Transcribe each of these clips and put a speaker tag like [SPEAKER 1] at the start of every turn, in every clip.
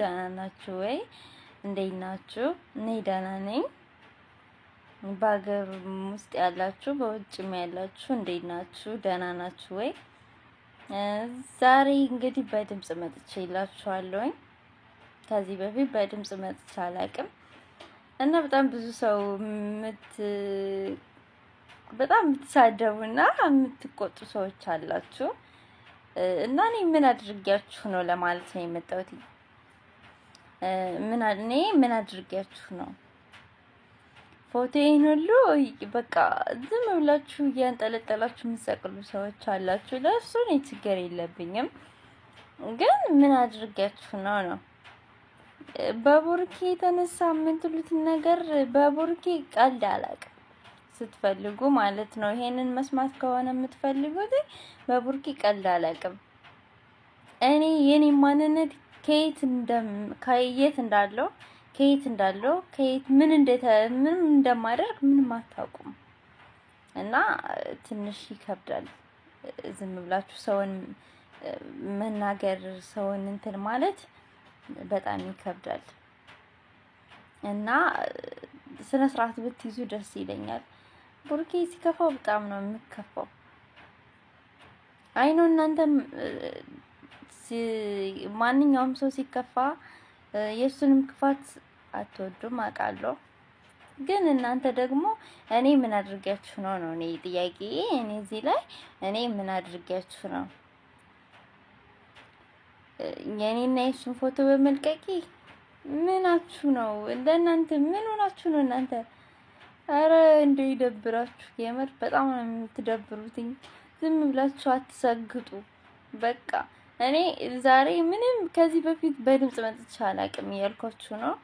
[SPEAKER 1] ደህና ናችሁ ወይ? እንዴት ናችሁ? እኔ ደህና ነኝ። በሀገር ውስጥ ያላችሁ በውጭም ያላችሁ እንዴት ናችሁ? ደህና ናችሁ ወይ? ዛሬ እንግዲህ በድምጽ መጥቼ ይላችኋለሁኝ። ከዚህ በፊት በድምጽ መጥቼ አላቅም እና በጣም ብዙ ሰው ምት በጣም የምትሳደቡና የምትቆጡ ሰዎች አላችሁ እና እኔ ምን አድርጊያችሁ ነው ለማለት ነው የመጣሁት። እኔ ምን አድርጌያችሁ ነው ፎቶዬን ሁሉ በቃ ዝም ብላችሁ እያንጠለጠላችሁ የምትሰቅሉ ሰዎች አላችሁ። ለእሱ እኔ ችግር የለብኝም፣ ግን ምን አድርጊያችሁ ነው ነው በቡርኬ የተነሳ የምትሉትን ነገር በቡርኬ ቀልድ አላውቅም። ስትፈልጉ ማለት ነው። ይሄንን መስማት ከሆነ የምትፈልጉት በቡርኬ ቀልድ አላውቅም። እኔ የኔ ማንነት ከየት ከየት እንዳለው ከየት እንዳለው ከየት ምን እንደተ ምን እንደማደርግ ምንም አታውቁም እና ትንሽ ይከብዳል። ዝም ብላችሁ ሰውን መናገር ሰውን እንትን ማለት በጣም ይከብዳል እና ስነ ስርዓት ብትይዙ ደስ ይለኛል። ቡርኬ ሲከፋው በጣም ነው የምከፋው። አይ ነው እናንተም ማንኛውም ሰው ሲከፋ የእሱንም ክፋት አትወዱም አውቃለሁ። ግን እናንተ ደግሞ እኔ ምን አድርጊያችሁ ነው ነው እኔ ጥያቄ እኔ እዚህ ላይ እኔ ምን አድርጊያችሁ ነው የእኔና የሱን ፎቶ በመልቀቂ ምናችሁ ነው? ለእናንተ ምን ሆናችሁ ነው እናንተ? አረ እንደው ይደብራችሁ። የምር በጣም ነው የምትደብሩትኝ። ዝም ብላችሁ አትሰግጡ በቃ። እኔ ዛሬ ምንም ከዚህ በፊት በድምጽ መጥቼ አላቅም እያልኳችሁ ነው።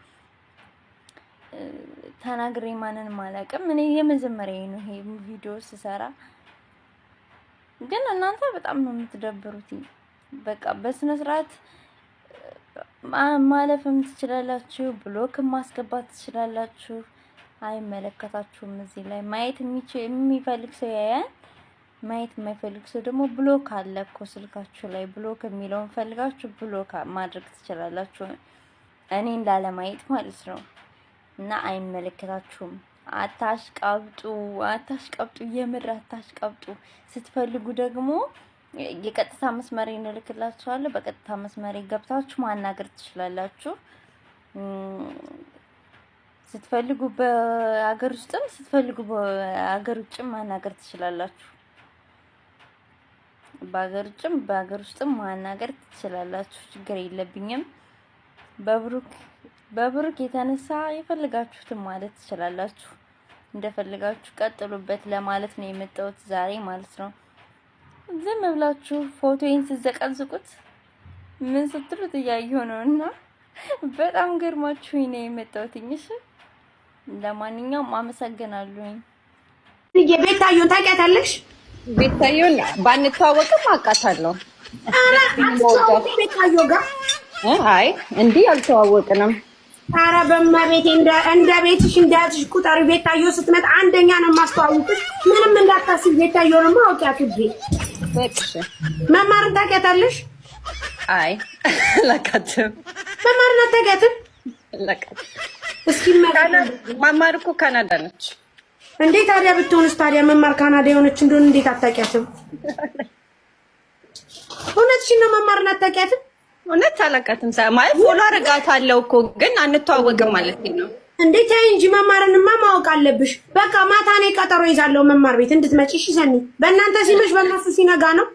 [SPEAKER 1] ተናግሬ ማንንም አላቅም። እኔ የመጀመሪያ ነው ይሄ ቪዲዮ ስሰራ፣ ግን እናንተ በጣም ነው የምትደብሩት። በቃ በስነ ስርዓት ማለፍም ትችላላችሁ፣ ብሎክ ማስገባት ትችላላችሁ። አይመለከታችሁም። እዚህ ላይ ማየት የሚፈልግ ሰው ያያል። ማየት የማይፈልግ ሰው ደግሞ ብሎክ አለ እኮ ስልካችሁ ላይ ብሎክ የሚለውን ፈልጋችሁ ብሎክ ማድረግ ትችላላችሁ። እኔን ላለማየት ማለት ነው። እና አይመለከታችሁም። አታሽቃብጡ፣ አታሽቃብጡ፣ የምር ቀብጡ ስትፈልጉ ደግሞ የቀጥታ መስመር እንልክላችኋለሁ። በቀጥታ መስመር ገብታችሁ ማናገር ትችላላችሁ። ስትፈልጉ በአገር ውስጥም ስትፈልጉ በአገር ውጭም ማናገር ትችላላችሁ። በሀገር ውጭም በሀገር ውስጥም ማናገር ትችላላችሁ። ችግር የለብኝም። በብሩክ በብሩክ የተነሳ የፈልጋችሁትን ማለት ትችላላችሁ። እንደፈልጋችሁ ቀጥሉበት ለማለት ነው የመጣሁት ዛሬ ማለት ነው። ዝም ብላችሁ ፎቶዬን ስዘቀዝቁት ምን ስትሉት እያየሁ ነው እና በጣም ገርማችሁ ነው የመጣሁት። እሺ ለማንኛውም አመሰግናለሁኝ።
[SPEAKER 2] የቤታየሁን ታውቂያታለሽ?
[SPEAKER 3] ቤታየውን ባንተዋወቅም አውቃታለሁ። አይ እንዲህ አልተዋወቅንም።
[SPEAKER 2] ኧረ በማቤቴ እንደ ቤትሽ እንዳትሽ ቁጠሪ። ቤታዮ ስትመጣ አንደኛ ነው የማስተዋውቅሽ። ምንም እንዳታስብ። ቤታዮንማ አውቂያት እንጂ መማርን ታውቂያታለሽ?
[SPEAKER 3] አይ ለካትም
[SPEAKER 2] መማርን አታውቂያትም? እስኪ
[SPEAKER 3] መማር እኮ ካናዳ ነች
[SPEAKER 2] እንዴ ታዲያ ብትሆንስ ታዲያ መማር ካናዳ የሆነች እንደሆነ እንዴት አታውቂያትም? እውነትሽን ነው። መማርን አታውቂያትም?
[SPEAKER 3] እውነት አላውቃትም። ማለት
[SPEAKER 2] ፎሎ አደርጋታለሁ እኮ ግን አንተዋወቅም ማለት ነው። እንዴት ተይ እንጂ መማርንማ ማወቅ አለብሽ። በቃ ማታ እኔ ቀጠሮ ይዛለሁ መማር ቤት እንድትመጪ። እሺ ሰኒ፣ በእናንተ ሲመሽ በእነሱ ሲነጋ ነው